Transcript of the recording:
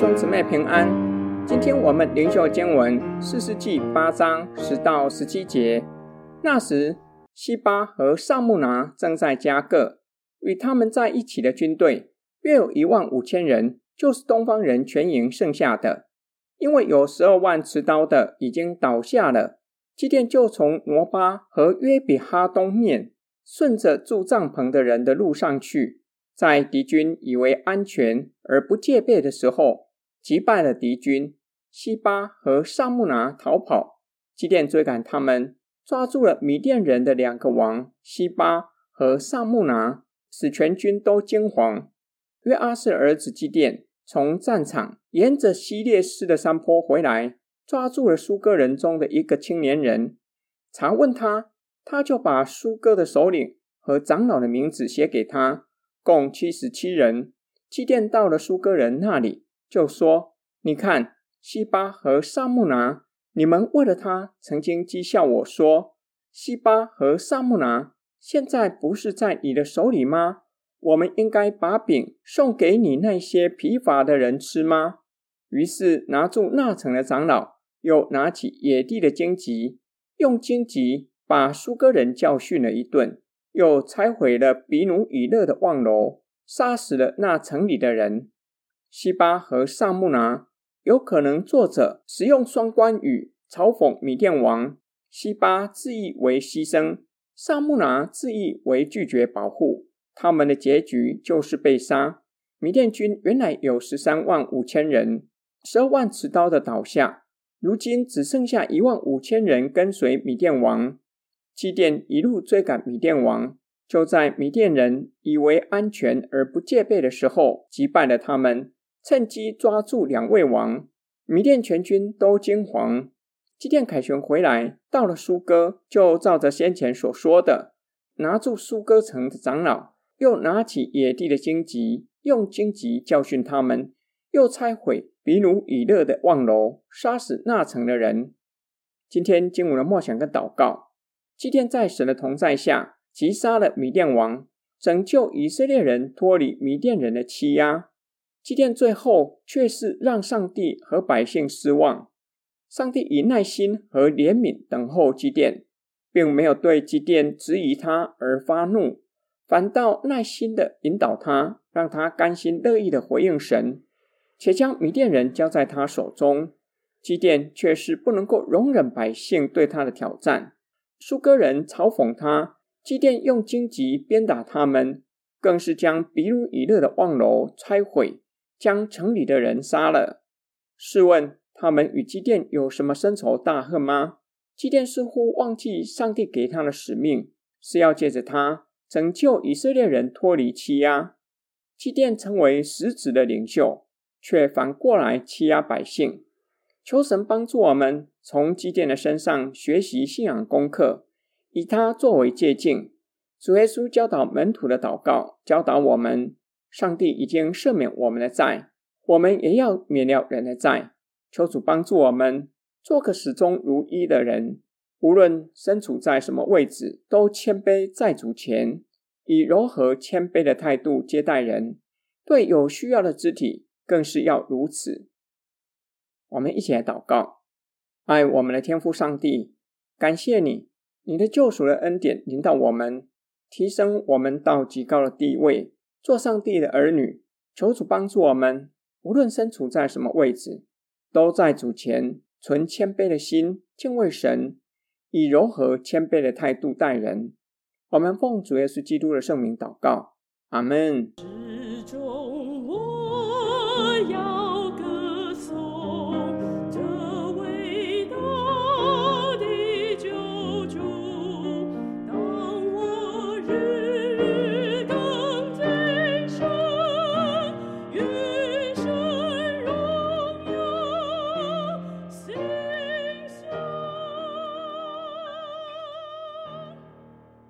兄姊妹平安。今天我們靈修經文士師記八章十到十七節。那時西巴和撒慕拿正在加各，與他們在一起的軍隊約有一萬五千人，就是東方人全營剩下的，因為有十二萬持刀的已經倒下了。基甸就從挪巴和約比哈東面，順着住帳篷的人的路上去，在敵軍以為安全而不戒備的時候，擊敗了敵軍，西巴和撒慕拿逃跑。基甸追趕他們，抓住了米甸人的兩個王西巴和撒慕拿，使全軍都驚惶。約阿施的兒子基甸從戰場沿着希列斯的山坡回來，抓住了疏割人中的一個青年人，查問他，他就把疏割的首領和長老的名字寫給他，共七十七人。基甸到了疏割人那裡。就說：“你看，西巴和撒慕拿，你們為了他曾經譏笑我說，西巴和撒慕拿現在不是在你的手裡嗎？我們應該把餅送給你那些疲乏的人吃嗎？”於是拿住那城的長老，又拿起野地的荊棘，用荊棘把疏割人教訓了一頓，又拆毀了毗努伊勒的望樓，殺死了那城裡的人。西巴和撒慕拿有可能作者使用雙關語嘲諷米甸王，西巴字意為犧牲，撒慕拿字意為拒絕保護。他們的結局就是被殺。米甸軍原來有十三萬五千人，十二萬持刀的倒下，如今只剩下一萬五千人跟隨米甸王。基甸一路追趕米甸王，就在米甸人以為安全而不戒備的時候，擊敗了他們。趁機抓住兩位王，米甸全軍都驚惶。基甸凱旋回來，到了疏割，就照着先前所說的，拿住疏割城的長老，又拿起野地的荊棘，用荊棘教訓他們，又拆毀毗努伊勒的望樓，殺死那城的人。今天經過了默想跟禱告，基甸在神的同在下，擊殺了米甸王，拯救以色列人脫離米甸人的欺壓。基甸最後卻是讓上帝和百姓失望。上帝以耐心和憐憫等候基甸，並沒有對基甸質疑他而發怒，反倒耐心的引導他，讓他甘心樂意的回應神，且將米甸人交在他手中。基甸卻是不能夠容忍百姓對他的挑戰。疏割人嘲諷他，基甸用荊棘鞭打他們，更是將毗努伊勒的望樓拆毀。將城裡的人殺了。試問他們與基甸有什麼深仇大恨嗎？基甸似乎忘記上帝給他的使命，是要借着他拯救以色列人脫離欺壓。基甸成為實質的領袖，卻反過來欺壓百姓。求神幫助我們從基甸的身上學習信仰功課，以他作為借鏡。主耶穌教導門徒的禱告，教導我們。上帝已經赦免我們的債，我們也要免了人的債。求主幫助我們，做個始終如一的人。無論身處在什麼位置，都謙卑在主前，以柔和謙卑的態度接待人。對有需要的肢體，更是要如此。我們一起來禱告：愛我們的天父上帝，感謝你，你的救贖的恩典臨到我們，提升我們到極高的地位。做上帝的兒女，求主幫助我們，無論身處在什麼位置，都在主前存謙卑的心，敬畏神，以柔和謙卑的態度待人。我們奉主耶穌基督的聖名禱告，阿們。